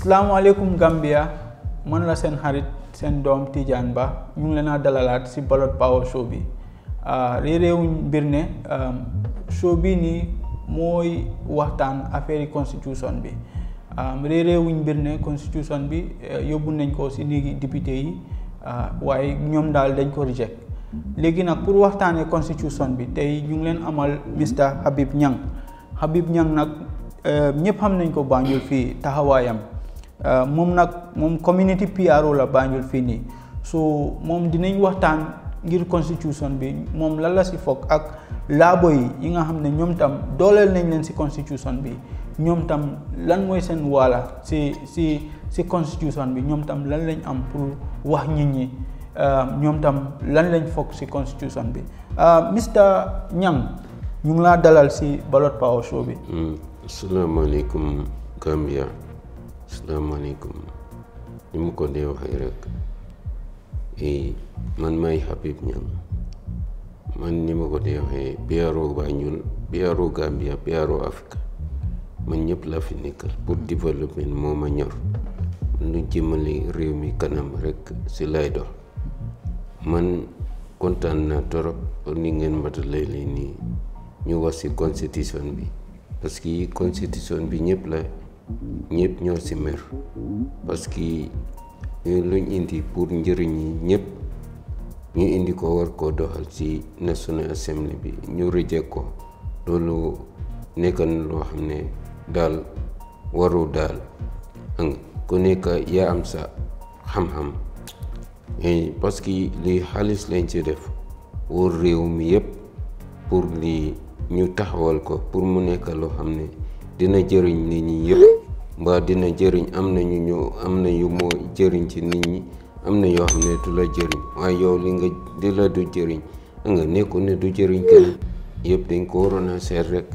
salaamaaleykum Gambia mën la seen xarit seen doom Tidiane Ba ñu ngi leen a dalalaat si Ballot Power show bi ah, réeréewuñ mbir ne um, show bi nii mooy waxtaan affaire yi constitution bi um, réeréewuñ mbir ne constitution bi eh, yóbbu nañ ko si léegi député yi ah, waaye ñoom daal dañ ko reject léegi nag pour waxtaanee constitution bi tey ñu ngi leen amal Mr Habib Niang Habib Niang nag eh, ñëpp xam nañ ko Banjul fii taxawaayam. Eh, moom nak, mom community PRO la Banjul fini So so moom dinañ waxtaan ngir constitution bi mom lan la si foog ak laboi yi yi nga tam dooleel nañ leen si constitution bi Nyom tam lan mooy wala si si si constitution bi Nyom tam lan lañ am pour wax nit ñi eh, tam lan lañ foog si constitution bi eh, Mr Nyang ñu ngi dalal si Ballot Power Show bi. Hmm. asalaamaaleykum Gambia. Assalamualaikum, عليكم نمو كودي وخيرك اي من ماي حبيب نيام man ni ma ko dee hai biaro Banjul biaro Gambia biaro afrika. man nyep la fi nekkal pour développement moo ma ñor lu jëmale réew mi kanam rek si lay man kontan naa torop ni ngeen matalee lii nii ñu wax si constitution bi parce que bi nyep la ñëpp ñoo si mer parce que luñ indi pour njëriñ yi ñëpp ñu indi ko war koo doxal si national assembly bi ñu jeko ko loolu nekk na loo xam ne daal waru daal xam ku nekk yaa am sa xam-xam parce que lii xaalis lañ ci def wóor réew mi yëpp pour lii ñu taxawal ko pour mu nekk loo xam ne dina jëriñ nit ñi yëpp mbaa dina jëriñ am na ñu ñu am na ñu moo jëriñ ci nit ñi am na yoo xam ne du la jëriñ waaye yow li nga di du jëriñ nga nekku ne du jëriñ kenn yëpp dañ ko waroon a seet rek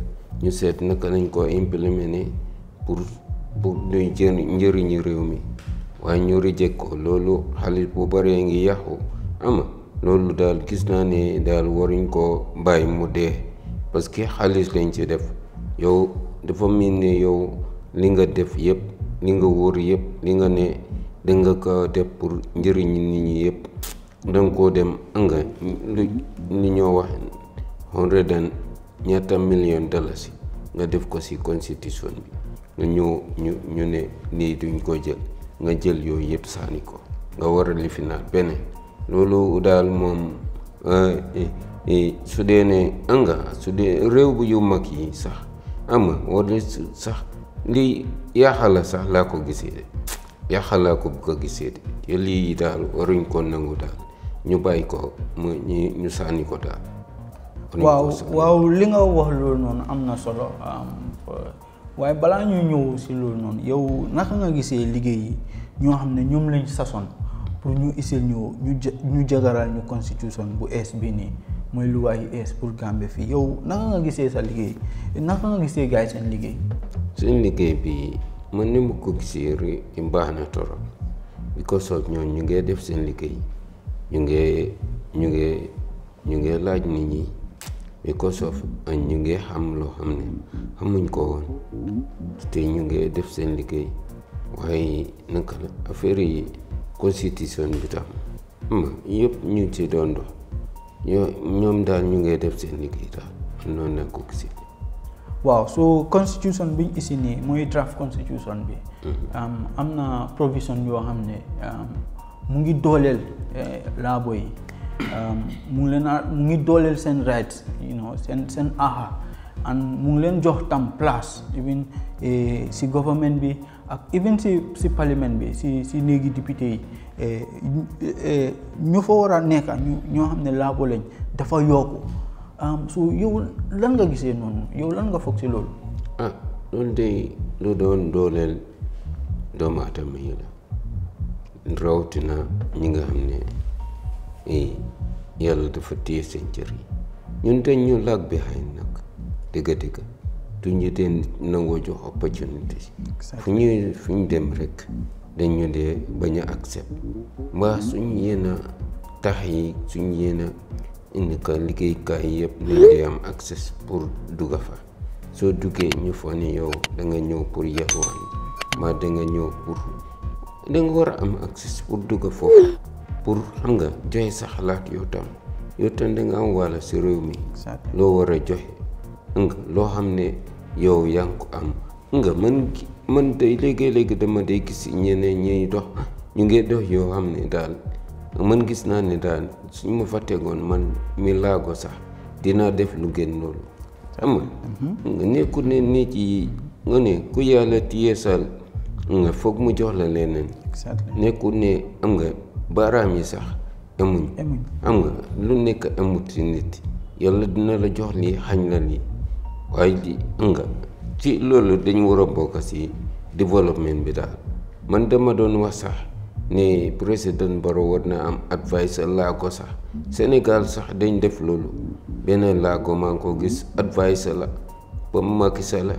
ñu seet naka nañ koo implémenter pour pour duy jëriñ njëriñu réew mi waaye ñu rëjëk ko loolu xaalis bu baree ngi yàqu ama loolu daal gis naa ne daal waruñ koo bàyyi mu dee parce que xaalis lañ ci def yow dafa mel ne yow li nga def yépp li nga wóor yépp li nga ne danga ko def pour njëriñ nit ñi yépp danga koo dem nga lu li ñoo wax hundred and ñaata million dalasi nga def ko ci constitution bi nga ñëw ñu ñu ne nii duñ ko jël nga jël yooyu yépp saani ko nga war a lifinaal beneen loolu daal moom eh, eh, eh, su dee ne anga su dee réew bu yu mag yi sax ama war sax lii yaaxal sax laa ko gisee de yaaxal ko bu ko gisee de te ya lii daal waruñ ko nangu daal ñu bàyyi ko mu ñu ñu sànni ko daal. waaw waaw li nga wax loolu noonu am na solo waaye balaa ñu ñëw si loolu noonu yow naka nga gisee liggéey yi ñoo xam ne ñoom lañ sasoon. pour ñu isil ñu ñu ñu jagaral ñu constitution bu ees bi nii mooy lu yi ees pour Gambie fii yow naka nga gisee sa liggéey naka nga gisee gars yi seen liggéey seen liggéey bi mën ni mu ko gisee baax na torop because of ñoom ñu ngee def seen liggéey ñu ngee ñu ngee ñu ngee laaj ni ñi because of ñu ngi xam loo xam ne xamuñ ko woon te ñu ngi def seen liggéey waaye naka la affaire yi constitution bi tam xam nga ñu ngi ci doon ñoom daal ñu ngay def seen liggéey daal noonu lañ ko gisee. waaw so constitution bi ñu isi nii mooy draft constitution bi. Mhm. am na provision yoo xam ne mu ngi dooleel eh, laabo yi mu ngi leen mu ngi dooleel seen rights you know seen seen aha and mu ngi leen jox tam place even eh, si government bi. ak even si si parlement bi si si néegi député yi eh, eh, eh, ñu fa war a nekk ñoo xam ne laabo lañ dafa yokku su yow lan nga gisee noonu yow lan nga foog si loolu. ah loolu de lu doon dooleel doomu atam yi la rawatina ñi nga xam ne yàlla dafa téye seen ñun dañ ñu lag behind nag dëgg-dëgg. du ñu dee nangoo jox opportunité fu ñuy fu ñu dem rek dañu dee bañ ak accept mbaa suñu yéen tax yi suñu yéen a indi ka liggéeykaay yëpp dañ dee am accès pour dugga fa soo duggee ñu foo ne yow da nga ñëw pour yalwaan mbaa da nga ñëw pour da nga war a am accès pour dugga foofu pour xam nga joxe sa xalaat yow tam yow tam da am wàll si réew mi loo war a joxe nga loo xam ne yow yaa ko am nga man man day léegi-léegi dama day gis ñeneen ñuy dox ñu ngi dox yoo xam ne daal man gis naa ne daal suñ ma fa tegoon man mi laago sax dinaa def lu génn loolu xam nga mhm. nekkul ne ne ku yàlla tiyeesal nga foog mu jox la leneen nekkul ne am nga baaraam yi sax emuñ am nga lu nekk emut si nit yàlla dina la jox lii xañ la lii waaye di nga ci loolu dañ war a bokk si développement bi daal man dama doon wax sax ni président boro war na am advice laago sax Sénégal sax dañ def loolu benn laago maa ngi ko gis advice la ba Macky Sall la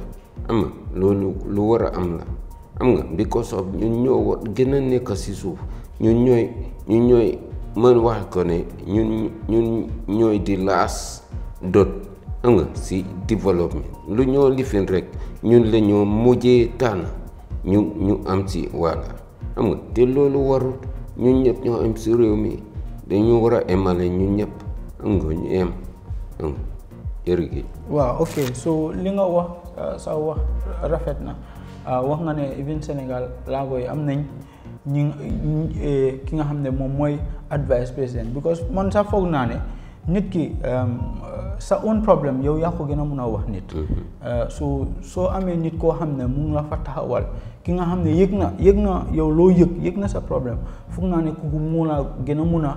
am nga loolu lu war a am la am nga because of ñun ñoo war gën a nekk si suuf ñun ñooy ñun ñooy man wax ko ne ñun ñun ñooy di laas dot xam nga si development, lu ñoo lifin rek ñun la ñoo mujjee tànn ñu ñu am si wàlla xam nga te loolu warut ñun ñëpp ñoo am si réew mi dañu war a émale ñun ñëpp xam nga ñu em xam nga jërëjëf waaw ok so li nga wax ah, sa wax rafet na ah, wax nga ne even Sénégal laago yi am nañ ñi eh, ki nga xam ne moom advice président because man sax foog naa ne nit ki euh, sa own problème yow yaa ko gën a mun a wax nit. Mm-hmm. Euh, soo soo amee nit koo xam ne mun nga fa taxawal ki nga xam ne yëg na yëg na yow loo yëg yëg na sa problème foog naa ne ku mun a gën a mun a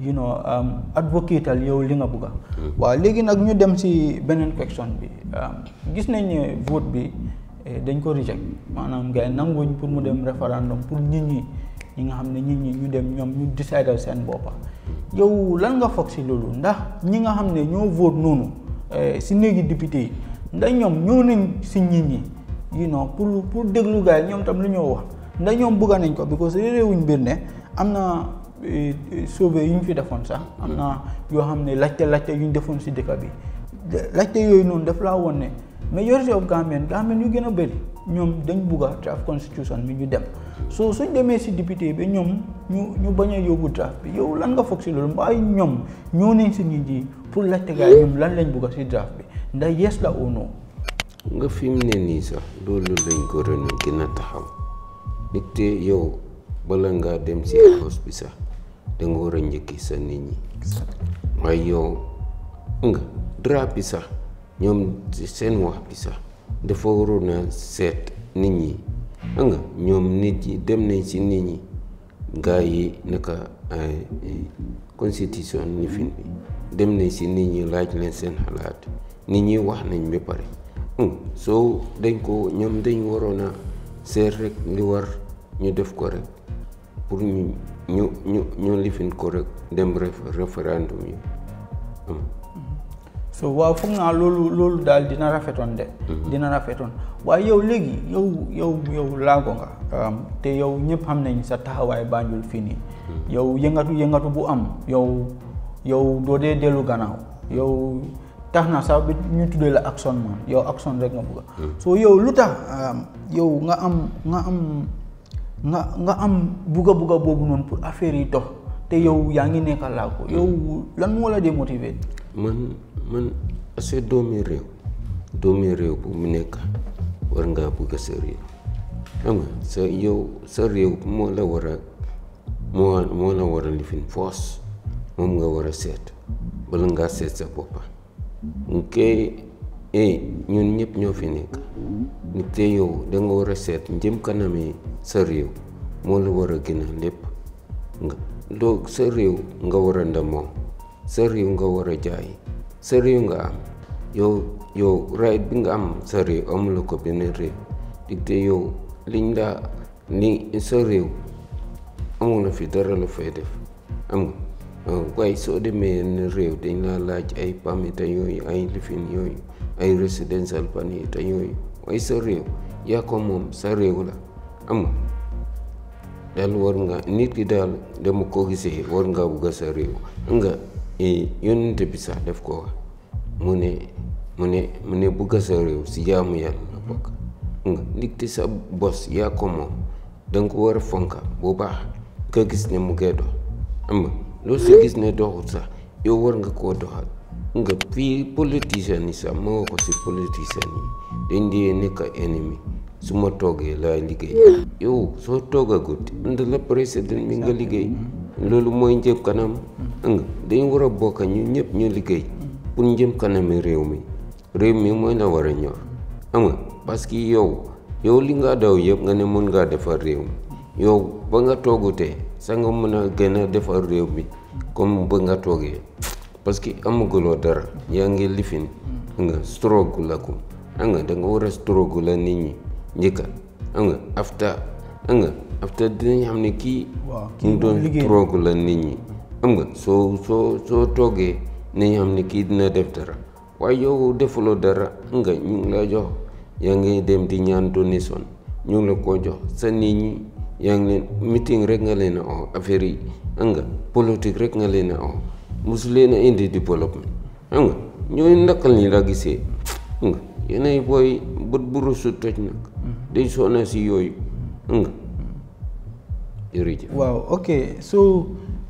you know um, advocate al yow li nga bëgg a. Mm-hmm. waaw léegi nag ñu dem si beneen question bi um, gis nañ ne vote bi eh, dañ ko reject maanaam gars yi pour mu dem référendum pour nit ñi ñi nga xam ne nit ñi ñu dem ñoom ñu décider seen boppa yow lan nga foog si loolu ndax ñi nga xam ne ñoo vote noonu eh, si néegi député yi ndax ñoom ñoo nañ si nit ñi you know pour pour déglu gars yi ñoom tam lu ñoo wax ndax ñoom bëgga nañ ko because réewuñ mbir ne am na eh, sauvé yu ñu fi defoon sax am na yoo xam ne lajte laajte yu ñu defoon si dëkk bi laajte yooyu noonu daf laa woon ne majority of Gambian Gambian yu gën a bëri ñoom dañ bugga draft constitution bi ñu dem so suñ demee si député bi ñoom ñu ñu bañ a draft bi yow lan nga foog si loolu mbaay ñoom ñoo nañ si nit yi pour la tegaay ñoom lan lañ si draft bi ndax yes la ou non nga fi mu ne nii sax loolu lañ ko ren gën a taxaw nit yow bala dem si house bi sax da nga war a njëkki sa nit ñi yow nga draft bi sax ñoom seen wax bi sax dafa waroon a seet nit ñi xam nga ñoom nit ñi dem nañ ci nit ñi gaa yi naka eh, constitution ni fin bi dem nañ ci nit ñi laaj leen seen xalaat nit ñi wax nañ ba pare hmm, so dañ ko dañ waroon a rek li war ñu def ko rek pour ñu ñu ñu ñu lifin ko rek dem référendum yi hmm. so waaw foog naa loolu loolu daal dina rafetoon de. Mhm. dina rafetoon waaye yow léegi yow yow yow laago nga. Um, te yow ñëpp xam nañ sa taxawaay baañul fii nii. Mhm. yow yëngatu yëngatu bu am yow yow doo dee dellu gannaaw yow tax na sax bi ñu tuddee la action man yow action rek nga bëgg mhm. so yow lu tax um, yow nga am nga am nga nga am bugga bugga boobu noonu pour affaire yi dox te yow yaa ngi nekk laago yow lan moo la démotiver. man man parce que doomi réew doomi réew bu mu nekk war ngaa bëgg sa réew xam nga sa yow sa réew moo la war a moo moo la war a lifin force moom nga war a seet bala ngaa seet sa boppa kay eh, ñun ñëpp ñoo fi nekk te yow da nga war a seet njëm kanam yi sa réew moo la war a gën a lépp nga doo sa réew nga war a ndamoo seriyunga wara jayi am, yo yo right bingam sari omlu loko benere digde yo linda ni sariw amu na fi dara la fay def am de so demee ne réew dañ laaj ay pamita yooyu ay lifin yooyu ay residential panita yooyu way sa ya yaa ko moom sa réew la am dal daal war nga nit ki daal dama ko gisee war nga bugga sa réew nga yonent bi sax def ko wax mu ne mu ne mu ne bugga sa réew si jàmm yàlla la bokk nga ndigte sa bos yaa ko moom danga ko war a fonka bu baax nga gis ne mu ngay dox am nga loolu sa gis ne doxul sax yow war nga koo doxal nga fii politicien yi sax ma ko si politicien yi dañ dee nekk ennemi su ma toogee laay liggéey yow soo toogagut ànd la président mi nga liggéey loolu mooy njëkk kanam nga dañu war a bokk ñun ñëpp ñu liggéey pour njëm kanami réew mi réew mi mooy la war a ñor am nga parce que yow yow li nga daw yëpp nga ne mën ngaa defar réew mi yow ba nga toogutee sa nga mën gën defar réew mi comme ba nga toogee parce que amaguloo dara yaa ngi lifin nga strogu la ko xam nga da nga war a strogu la nit ñi njëkka xam nga afta xam nga afta dinañ xam ne kii ki doon strogu la nit ñi xam nga soo soo soo toogee nañu xam ne kii dina def dara waaye yow defuloo dara nga ñu ngi la jox yaa ngi dem di ñaan donation ñu ngi la ko jox sa nit ñi yaa ngi leen meeting rek nga leen a oo yi xam nga politique rek nga leen a oo mosu leen a indi développement xam nga ñooy ndakal ñi la gisee nga yeneen booy bët bu rusu toj nag day soona si yooyu nga jërëjëf waaw ok so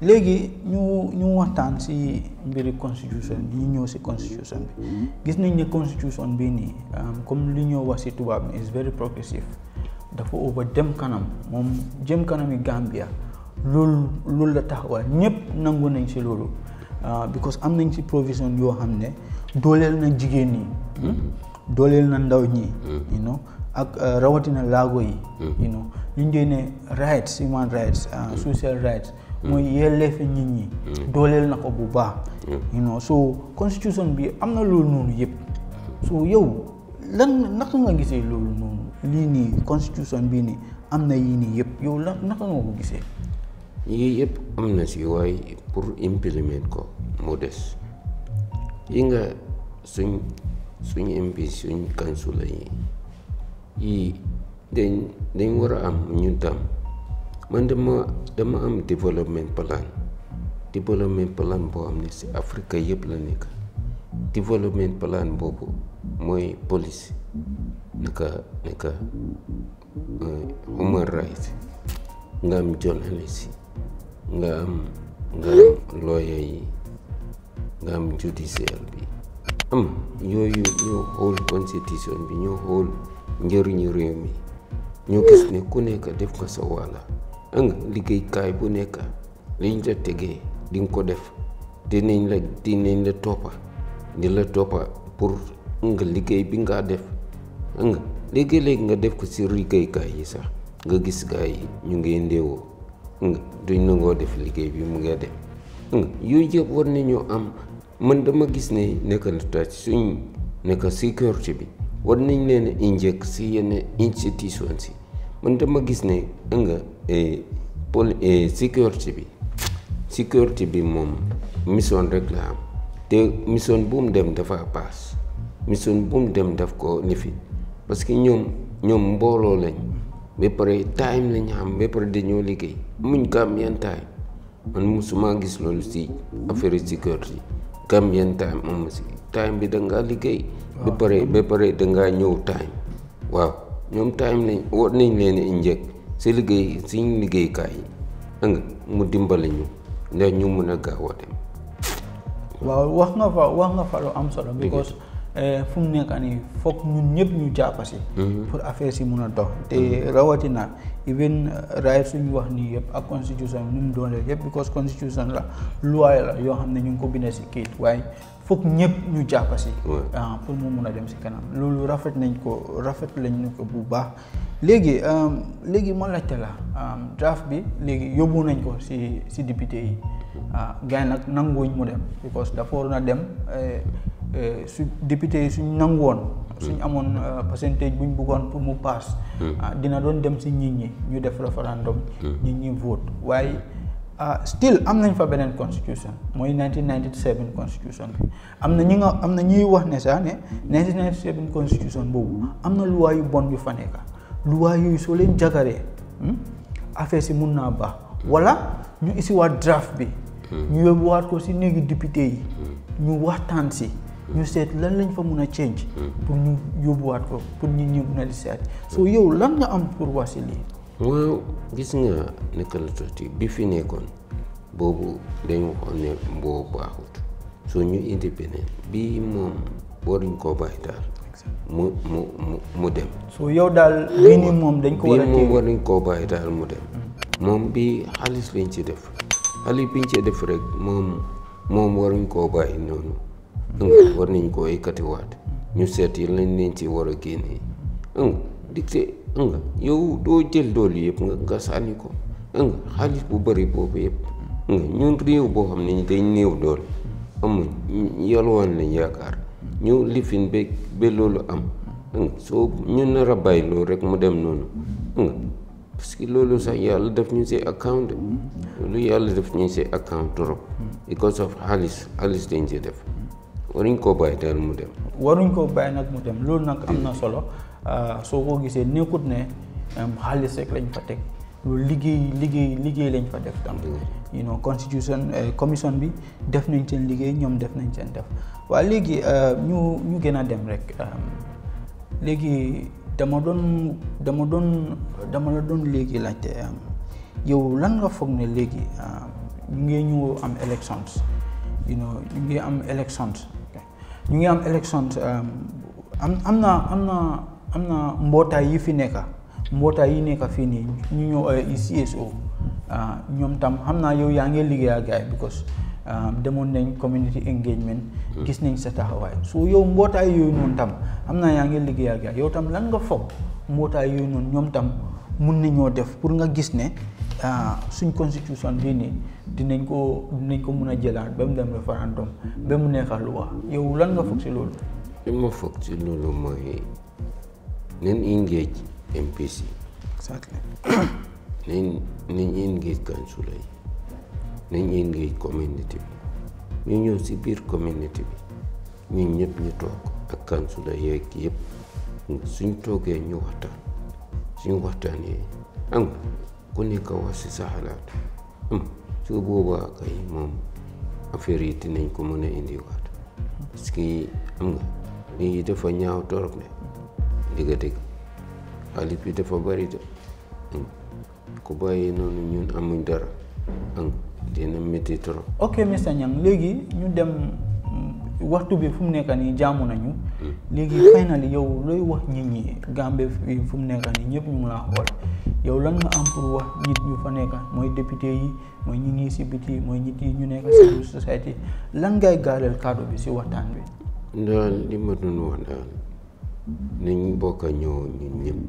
léegi ñu ñu waxtaan si mbiri constitution yi ñëw si constitution bi mm-hmm. gis nañ ne constitution bi nii comme li ñoo wax si tubaab is very progressive dafa over dem kanam moom jëm kanam yi Gambia loolu loolu la taxawal ñëpp nangu nañ si loolu ah, because am nañ si provision yoo xam ne dooleel na jigéen ñi hmm? mm-hmm. dooleel na ndaw ñi mm-hmm. you know ak ah, rawatina laago yi you know ñu dee ne rights human rights ah, social rights mooy yelleefe nit ñi mm. dooleel na ko bu baax mm. you know so constitution bi am na loolu noonu yëpp so yow lan naka nga gisee loolu noonu lii nii constitution bii nii am na yi nii yëpp yow la naka nga ko gisee yii yëpp am na si waaye pour implement ko moo des yi nga suñ suñ MP suñ kansula yi yii dañ dañ war a am ñun tam man dama dama am development plan développement plan boo xam ne si Afrique yëpp la nekk kan. développement plan boobu mooy police naka naka eh, human rights nga am ngam nga am nga am lawyer yi nga am judiciaire bi am yooyu ñoo xool constitution bi ñoo xool njëriñu réew mi ñu gis ne ku nekk def nga sa nga liggéeykaay bu nekk liñ la tegee dinga ko def dinañ la dinañ la toppa di la toppa pour nga liggéey bi ngaa def nga léegi-léegi nga def ko si liggéeykaay yi sax nga gis gaay yi ñu ngi ndéewoo nga duñ nangoo def liggéey bi mu ngi def nga yooyu yëpp war nañoo am man dama gis ne nekk na taat suñ nekk sécurité bi war nañ leen inject si yenn institution si man dama gis ne nga eh, pol eh, sécurité bi sécurité bi moom mission rek la am te mission bu mu dem dafa paas mission bu mu dem daf ko lifi parce que ñoom ñoom mbooloo lañ ba pare time lañ xam ba pare dañoo liggéey muñ Gambian time man musuma gis loolu si affaire sécurité Gambian time am si time bi da ngaa liggéey. ba pare ba pare da ngaa ñëw time waaw. ñoom time nañ woo nañ leen inject si liggéey suñ liggéeykaay yi dégg nga mu dimbali ñu ndax ñu mun a gaaw a dem. waaw wax nga fa wax nga fa lu am solo. because eh, fu mu nekk nii foog ñun ñëpp ñu jàpp si. Mm-hmm. pour affaire si mun a dox. te mm-hmm. rawatina even uh, right suñu wax nii yëpp ak constitution bi nu mu doon léegi yëpp because constitution la loi la yoo xam ne ñu ngi ko bindee si kayit waaye. foog ñëpp ñu jàpp si. Ah, pour mu mun a dem si kanam loolu rafet nañ ko rafet lañ ko bu baax léegi euh, léegi ma laajte la euh, draft bi léegi yóbbu nañ ko si si député yi ah gars yi nag mu dem because dafa waroon a dem euh, su député yi suñ nangu woon mm. suñ amoon percentage buñ buggoon pour mu paas. Mm. Ah, dina doon dem si nit ñi ñu def référendum. Mm. nit ñi vote waaye. Ah, still am nañ fa beneen constitution mooy 1997 constitution bi am na ñi nga am na ñuy wax ne sax ne 1997 constitution boobu am na lu luwaa yu bon yu fa nekk luwaa yooyu soo leen jagaree hmm, affaire si mun naa baax wala ñu isiwaat draft bi hmm. ñu yóbbuwaat ko si néegi député yi hmm. ñu waxtaan si ñu seet lan lañ fa mun a change pour ñu yóbbuwaat ko pour ñu ñu mun a di soo yow lan nga am pour wax si lii waaw gis nga naka la tuuti bi fi nekkoon boobu dañ waxoon ne boo baaxut soo ñu indépendant bii moom boo duñ koo bàyyi daal mu mu yow daal bii nii moom dañ ko war a nañ koo bàyyi daal mu dem hmm. moom bii xaalis lañ ci def xaalis biñ ci def rek moom moom waruñ koo bàyyi noonu hmm. nañ koo yëkkatiwaat hmm. ñu seet yi lañ leen ci war a génnee dicté nga yow doo jël doolu yëpp nga nga sànni ko nga xaalis bu bëri boobu yëpp nga ñun réew boo xam ne day néew dool amuñ yalwaan lañ yaakaar ñu lifin ba ba loolu am nga soo ñu nar rek mu dem noonu parce que loolu sax yàlla def ñu si account loolu yàlla si account trop because of xaalis dañ si def waruñ koo bàyyi mu dem dem loolu nag am na solo Euh, soo ko gisee nekkut ne xaalis rek lañ fa teg loolu liggéey liggéey liggéey lañ fa def tam you know constitution eh, commission bi def nañ seen liggéey ñoom def nañ seen def waaye léegi euh, ñu ñu gën a dem rek euh, léegi dama doon dama doon dama la doon léegi laajte yow lan nga foog ne léegi ñu ngi ñu am elections you know ñu ngi am elections ñu am elections am am am na mbootaay yi fi nekka mbootaay yi nekka fii nii ñu ñëw ay CSO ah, ñoom tam xam naa yow yaa ngi liggéey ak gars yi because ah, demoon nañ community engagement hmm. gis nañ sa taxawaay so yow mbootaay yooyu noonu tam xam naa yaa ngi liggéey ak gars yow tam lan nga foog mbootaay yooyu noonu ñoom tam mun nañoo def pour nga gis ne ah, suñ constitution bii nii dinañ ko dinañ ko mun a jëlaat ba mu dem référendum ba mu nekk loi yow lan nga foog si loolu. then engage MPC. Exactly. then, then engage council yi nañ engage community bi ñu ñëw si biir community bi ñun ñëpp ñu toog ak councilor yeeg yëpp suñ toogee ñu waxtaan suñ yi am ku nekk wax si sa xalaat am hmm, su boobaa kay moom affaire yi dinañ ko mën a indiwaat parce am nga lii dafa ñaaw torop ne iga teg xaalis bi dafa bari de mm. ku bàyyi noonu ñun amuñ dara dina trop. ok ñu dem mm, waxtu bi fu nekk nii jaamu nañu. Mm. léegi final yow looy wax nit ñi Gambie fu nekk nii ñëpp ñu mun a yow lan nga am pour wax nit ñu fa nekk mooy député yi ñi ngi biti nit yi ñu nekk lan ngay bi bi. li ma wax nañ bokk a ñun ñëpp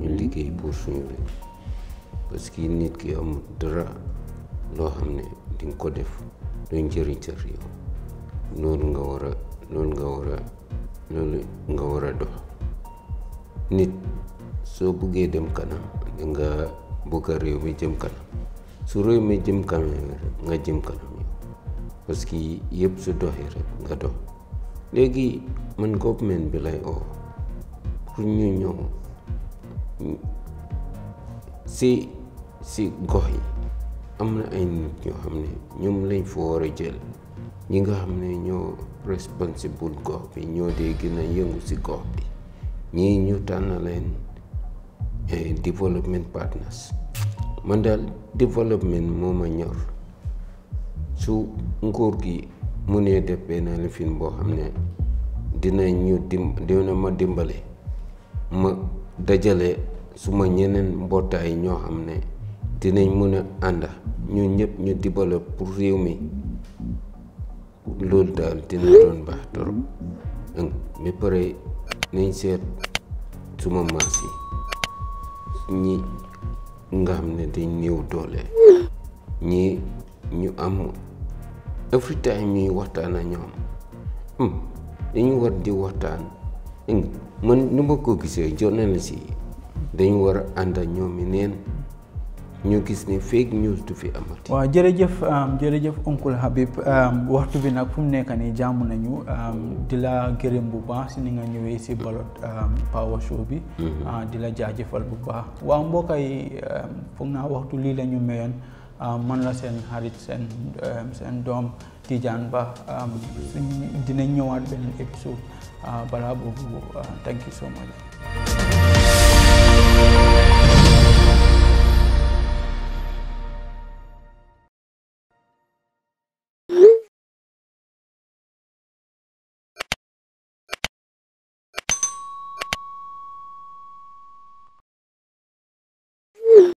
ñu liggéey pour suñu réew parce que nit ki amul dara loo xam ne di ko def luñ jëriñ sa réew noonu nga war a war a noonu dox nit soo buggee dem kanam da nga réew mi jëm kanam su réew mi jëm kanam parce que yëpp su doxee rek nga dox léegi man government bi lay oo pour ñu ñëw si si gox yi am na ay nit ñoo xam ne ñoom lañ fa war a jël ñi nga xam ne ñoo responsible gox bi ñoo dee gën a yëngu si gox bi ñii ñu tànn leen eh, development partners man daal development moo ma ñor su nguur gi mu ne def benn lifin boo xam ne dina ñu dim dina ma dimbale ma dajale suma ñeneen mbootaay ñoo xam ne dinañ mën a ànd ñu ñëpp ñu dimbale pour réew mi loolu daal dina doon baax torop ba pare nañ seet suma maas yi ñi nga xam ne dañ néew doole ñi ñu am every time ñuy waxtaan ak ñoom hmm, dañu war di waxtaan man nu ma ko gisee journaliste yi dañu war a ànd ak ñoom yi neen ñu gis ni fake news du fi amati. waaw jërëjëf um, jërëjëf oncle Habib um, waxtu bi nag fu mu nekk nii jàmm nañu um, di la gërëm bu baax si ni nga ñëwee si Ballot Power Show bi. Mm-hmm. Uh, di la jaajëfal bu baax waaw mbokk yi foog naa waxtu lii la ñu mayoon. Ah, man la seen xarit seen eh, seen doom Tijaan Ba ah, dinañ ñëwaat beneen épisode ah, balaa boobu thank you so much